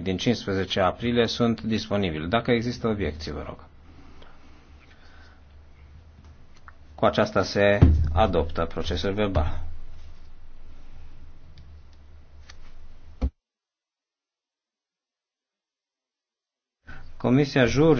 reuniunii din 15 aprilie sunt disponibile. Dacă există obiecții, vă rog. Cu aceasta se adoptă procesul verbal. Comisia Juri